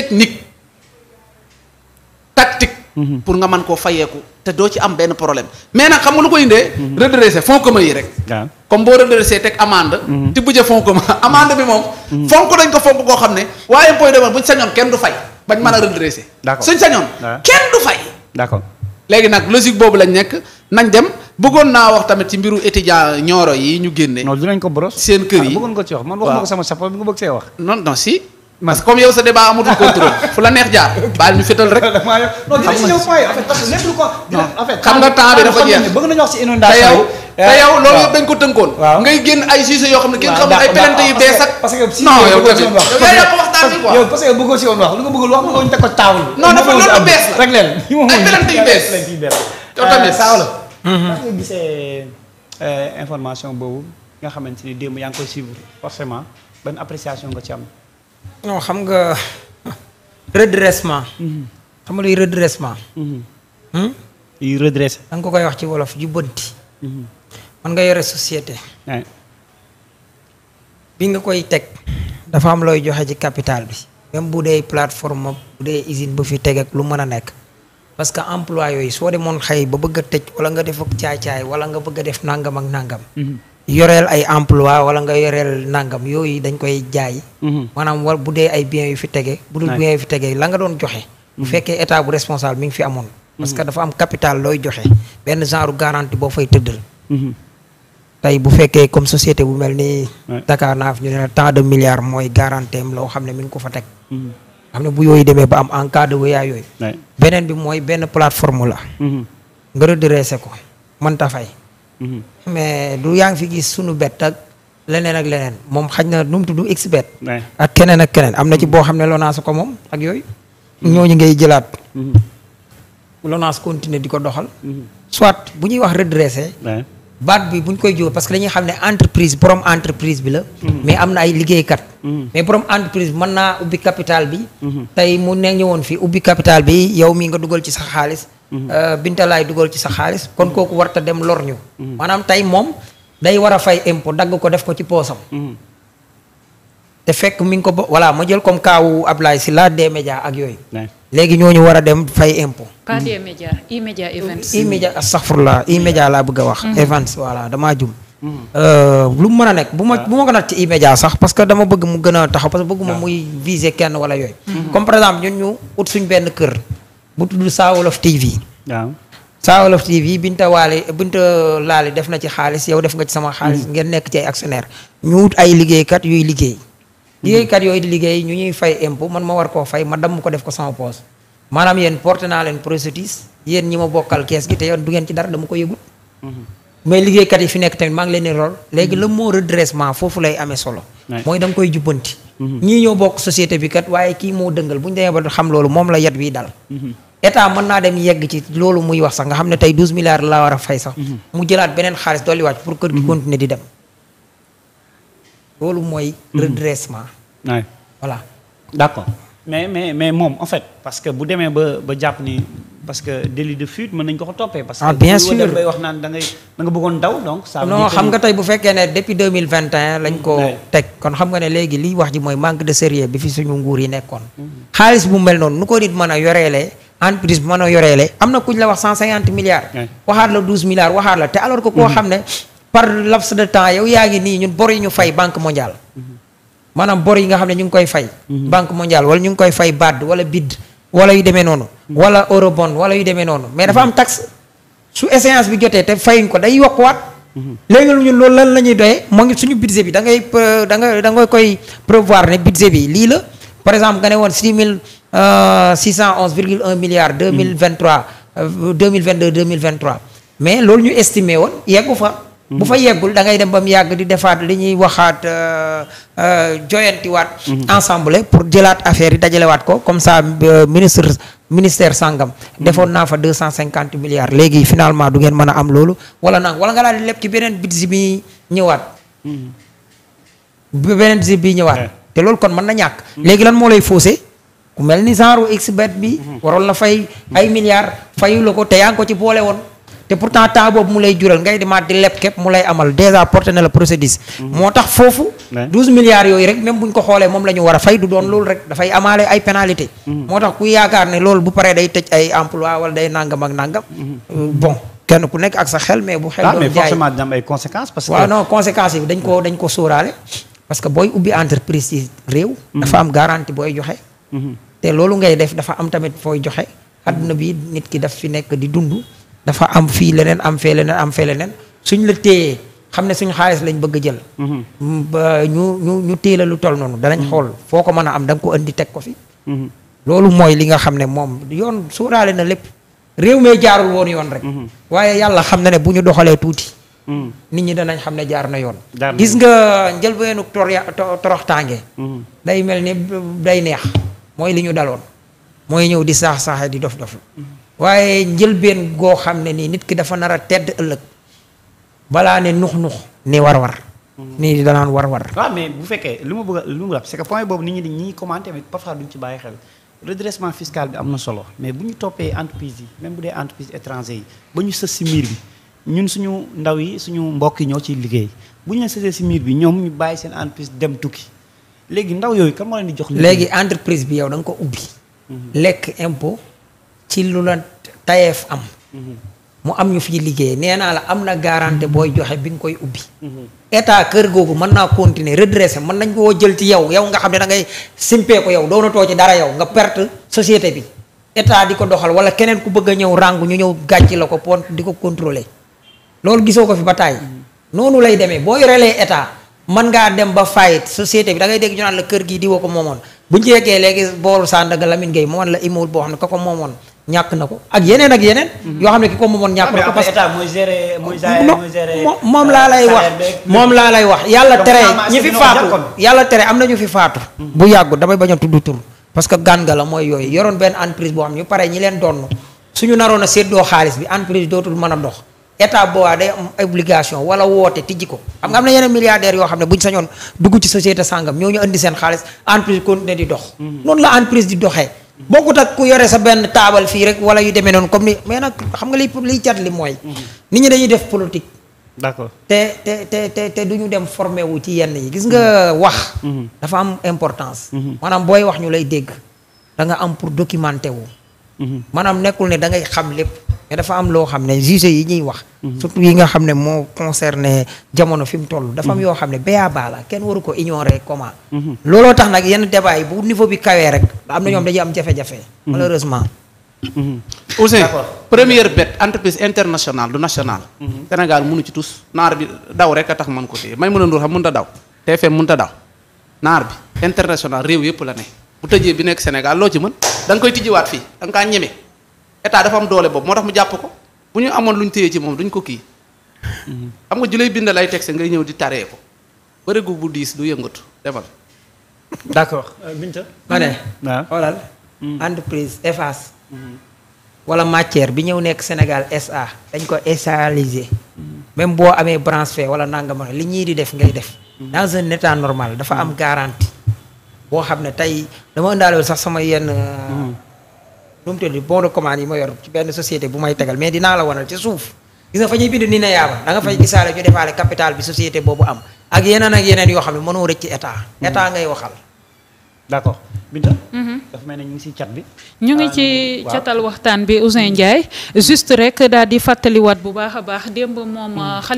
technique tactique. Mhm. pour nga man koo fayeeku te doo ci am benn problème mais nag xam nga lu ko indee. Mhm. redresser fonds commun yi rek. comme boo redressé teg amende. Mhm. ti buje fonds commun bi moom. fonk dañ ko fonk koo xam ne waaye impôt demoon buñ sañoon kenn du fay. bañ mën a redressé. suñ sañoon kenn du fay. léegi nag logique boobu lañ nekk nañ dem bëggoon naa wax tamit ci mbiru étudiant ñooro yi ñu génne. non dinañ ko boros. seen kër ah, yi bëggoon ko ci wax man waxuma ko sama chapeau bi nga bëgg see wax. non parce que comme yow sa débat amatul contrôle fu la neex jaar baal ñu fétal rek. xam nga temps bi dafa te yow ah, loolu yëpp dañ ko tënkoon. ngay génn ay sujet yoo xam ne kenn xamul ay pelante yu bees que si ay pelante yu bees yow tamit euh, saaw la. Hmm. Euh, information boobu nga xamante ni démb yaa ngi koy suivre forcément ban appréciation nga ci am non xam nga redressement. Mhm. xam nga luy redressement. yuy mhm. hmm? redressé. da nga ko koy wax ci wolof jubbanti. Mhm. man nga yore société. bi nga koy teg. dafa am looy joxe ci capital bi. même bu dee plateforme bu dee usine bu fi teg ak lu mën a nekk. parce que emploi yooyu soo de demoon xëy ba bëgg a tëj wala nga def ak caay-caay wala nga bëgg a def nangam ak nangam. yoreel ay emploi wala nga yoreel nangam yooyu dañ koy jaay. Mhm. maanaam war bu dee ay biens yu fi tegee bu dul biens yu fi tegee la nga doon joxe. bu mhm. fekkee état bu responsable mi ngi fi amoon. parce que mhm. dafa am capital looy joxe benn genre garantie boo fay tëddal. tey bu fekkee comme société bu mel ni. Dakar naaf ñu ne la de milliards mooy garantie am loo xam ne mi ngi ko fa teg. xam ne bu yooyu demee ba am en cas de wéyaa yooyu. beneen bi mooy benn plateforme la. nga redressé ko mën fay. mais du yaa ngi fi gis sunu bet ak leneen ak leneen moom xaj na nu mu tudd xbet ak keneen ak keneen am na ci boo xam ne Lonase ko moom ak yooyu. ñooñu ngay jëlaat. Lonase continuer di ko doxal. soit bu ñuy wax redressé. baat bi bu koy jóg parce que dañuy xam ne entreprise borom entreprise bi la. Mm-hmm. mais am na ay liggéeykat. Mm-hmm. mais borom entreprise bi mën naa ubbi capital bi. Mm-hmm. tey mu ne ñëwoon fi ubbi capital bi yow mii nga dugal ci sa xaalis. Euh, laay dugal ci sa xaalis kon kooku warta dem lor ñu maanaam tey moom day war a fay impôt dagg ko def ko ci poosam te fekk mi ngi ko voilà ma jël comme kaawu Ablaye si laa des médias ak yooyu léegi ñooñu war a dem fay impôt pas des médias E-Media Events E-Media astaghfirullah E-Media laa bëgg a wax mm-hmm. Events voilà damaa jum mm-hmm. euh, lu mu a nekk bu ma bu ma ko natt ci e sax parce que dama bëgg mu gën a taxaw parce que bëgguma muy viser kenn wala yooyu mm-hmm. comme par exemple ñu ut suñ benn kër bu tudd Saa Wolof TV. waaw Saa Wolof TV Binta Waale Binta Laale def na ci xaalis yow def nga ci sama xaalis. Mm. ngeen nekk ci ay actionnaire ñu wut ay liggéeykat yuy liggéey. Mm. liggéeykat yooyu di liggéey ñu ñuy fay impôt man ma war koo fay ma damm ko def ko sama poos maanaam yéen porté naa leen procédures yéen ñi ma bokkal kees gi te yow du ngeen ci dara dama ko yëgut. Mm-hmm. mais liggéeykat yi fi nekk tamit maa ngi leen ne rol léegi mm-hmm. la moo redressement foofu lay amee solo. mooy da nga koy jubbanti. Mm-hmm. ñii ñoo bokk société bi kat waaye kii moo dëngal bu ñu demee ba xam loolu moom la yat wi dal. état mën naa dem yegg ci loolu muy wax sax nga xam ne tey douze milliards laa war a fay sax. Mhm. mu jëlaat beneen xaalis dolliwaat pour kër mhm. di dem. mooy. Mhm. redressement. voilà. d'accord mais mais mais moom en fait parce que bu demee ba ba jàpp ni parce que délit de fuite mën nañu ko ko toppee. parce que ah, bien sûr wax naan da ngay da nga bëggoon daw donc. xam nga tey bu fekkee ne depuis deux mille vingt et un lañ ko xam nga ne léegi wax ji mooy manque de sérieux bi fi suñu nguur yi nekkoon. xaalis bu mel noonu nu ko nit mën a yoreelee. entreprise bu mën a yoreele am na kuñ la wax cent cinquante milliards waxaat la douze milliards waxaat la te alors que koo mhm. xam ne par laps de temps yow yaa ngi nii ñun bor yi ñu fay banque mondiale mhm. maanaam bor yi nga xam ne ñu ngi koy fay mhm. banque mondiale wala ñu ngi koy fay BAD wala BID wala yu demee noonu wala eurobond wala yu demee noonu mais dafa am taxe su échéance bi jotee te fayuñ ko day yokk waat léegi lu ñun loolu lan la ñuy doyee moo ngi suñu budget bi da ngay nga da nga koy prévoir ne budget bi lii la par exemple nga ne woon mille 611 euh, virgule 1 milliard 2023 2022 2023 mais loolu ñu estimé woon yeggu fa bu fa yeggul da ngay dem ba mu yàgg di defaat li ñuy waxaat euh, euh, joyantiwaat mhm. ensemble pour jëlaat affaire yi dajalewaat ko comme ça ministre ministère sangam mhm. defoon naa fa deux cent cinquante milliards léegi finalement du ngeen mën a am loolu wala nag wala nga daal di leb ci beneen budget bi ñëwaat mhm. beneen budget bi ñëwaat te loolu kon mën na ñàkk léegi lan moo lay faussé ku mel ni genre xbet bi. waroon la fay ay milliards fayu la ko te yaa ngi ko ci boole woon. te pourtant temps boobu mu lay jural ngay demaat di leb képp mu lay amal déjà porté na la procédure. Mhm. moo tax foofu. 12 milliards yooyu rek même bu ñu ko xoolee moom la ñu war a fay du doon loolu rek dafay amaale ay pénalité mhm. moo tax ku yaakaar ne loolu bu paree day tëj ay emploi wala day nangam ak nangam. Mhm. Euh, bon kenn ku nekk ak sax xel mais bu xel. Ah, doon jaay mais forcément dina am ay conséquences. parce que waaw non conséquences dañ ko dañ ko parce que booy ubbi entreprise ci am garantie booy joxe. te loolu ngay def dafa am tamit fooy joxe àdduna bi nit ki daf fi nekk di dund dafa am fii leneen am fee leneen am fee leneen suñ la téyee xam ne suñ xaalis lañ bëgg a jël mhm. ba ñu ñu ñu téye la lu toll noonu danañ mhm. xool foo ko mën a am da nga ko indi teg ko fi mhm. loolu mooy li nga xam ne moom yoon suuraale na lépp réew mee jaarul woon yoon rek waaye yàlla xam na ne bu ñu doxalee tuuti nit ñi danañ xam ne jaar na yoon gis nga njëlbeenu tor toroxtaange day mel ni day neex mooy li ñu daloon mooy ñëw di saax saaxe di dof dof waaye njëlbeen goo xam ne nii nit ki dafa nar a tedd ëllëg balaa ne nux nux ni war war mm-hmm. ni di danaan war war waaw mais bu fekkee lu ma bëgg lu ma rab c'est que point boobu nit ñi dañ ñuy commenté mais parfois duñ ci bàyyi xel redressement fiscal bi am ma solo mais bu ñu toppee entreprise yi même bu dee entreprise étranger yi ba ñu sës si miir bi ñun suñu ndaw yi suñu mbokk yi ñoo ciy liggéey bu ñu la sësee si miir bi ñoom ñu bàyyi seen entreprise dem tukki léegi ndaw yooyu kan moo leen di jox. léegi entreprise bi yow da nga ko ubbi. Mhm. lekk impôt ci lu la tayeef am. Mhm. mu am ñu fii liggéey nee naa la am na garantie mhm. booy joxe bi nga koy ubbi. état kër googu mën naa continuer redresser mën nañ koo jël ci yow yow nga xam ne da ngay simpee ko yow doonatoo ci dara yow nga perte société bi. état di ko doxal wala keneen ku bëgg a ñëw ràngu ñu ñëw gàcc la ko pont di ko contrôler loolu gisoo ko fi ba tàyyi noonu lay demee boo man ngaa dem ba fayit société bi dangay ngay dégg ñu naan la kër gii di woo ko moomoon bu ñu yeggee léegi boolu Sandaga Lamine Gueye moomoon la immeuble boo xam ne ko ko moomoon ñàkk na ko ak yeneen ak yeneen. Mhm. yoo xam ne ki ko moomoon ñàkk na ah, ko. parce que moom laa lay euh, wax moom laa lay wax yàlla tere ñi fi faatu yàlla tere am na ñu fi faatu. Mhm. bu yàggu damay bañ a tudd tur parce que gànga la mooy yooyu yoroon benn entreprise boo xam ne ñu pare ñi leen doon suñu naroon a séddoo xaalis bi entreprise dootul mën a dox état boobaa day am obligation wala woote tijji ko xam nga am na yeneen milliardaires yoo xam ne bu ñu sañoon dugg ci société sàngam ñoo ñu indi seen xaalis entreprise continuer di dox mm-hmm. noonu la entreprise di doxee mm-hmm. bokkut ak ku yore sa benn taabal fii rek wala yu demee noonu comme ni mais nag xam nga liy liy cat li mooy mm-hmm. nit ñi dañuy def politique d'accord te te te te te du ñu dem formé wu ci yenn yi gis nga wax dafa am importance maanaam booy wax ñu lay dégg da nga am pour documenter wu maanaam nekkul ne da ngay xam lépp mais dafa am loo xam ne juge yi ñuy wax. Mhm. surtout yi nga xam ne moo concerné jamono fi mu toll. dafa am mhm. yoo xam ne béyaabaa la kenn waru ko ignorer comment. Mhm. looloo tax nag yenn débat yi bu niveau bi kawee rek. am na ñoom dañuy am jafe-jafe. malheureusement. Ousseyn première bet entreprise internationale national. Sénégal mënu ci tous naar bi daw a tax man ko téye may mën a ndur xam a daw. TFM mënut a naar bi international réew yëpp la ne bu tëjee bi nekk Sénégal loo ci mën da koy tijjiwaat fii da nga ñeme. état dafa am doole boobu moo tax mu jàpp ko bu ñu amoon lu ñu téye ci moom duñ ko kii xam nga julay bind lay texte ngay ñëw di taree ko bërigu bu diis du yëngatu demal d'accord euh, Binta ma ne xoolal mm-hmm. entreprise EFAS mm-hmm. wala matière bi ñëw nekk Sénégal SA dañ ko essaliser mm-hmm. même boo amee branche fee wala nangam li ñii di def ngay def dans un état normal dafa am garantie boo xam ne tey dama ëndaalewul sax sama yenn euh, lu mu tudd bon de commande yi ma yor ci benn société bu may tegal mais dinaa la wanal ci suuf gis nga fa ñuy bind ni ne yaaba da nga fay gisaale ñu defaale capital bi société boobu am ak yeneen ak yeneen yoo xam ne mënoo rëcc ci hmm. état ngay waxal d'accord Binta hmm. ñu ngi ci catal ah, waxtaan bi Ouzin Ndiaye juste rek daal di fàttaliwaat bu baax a baax démb moom hmm.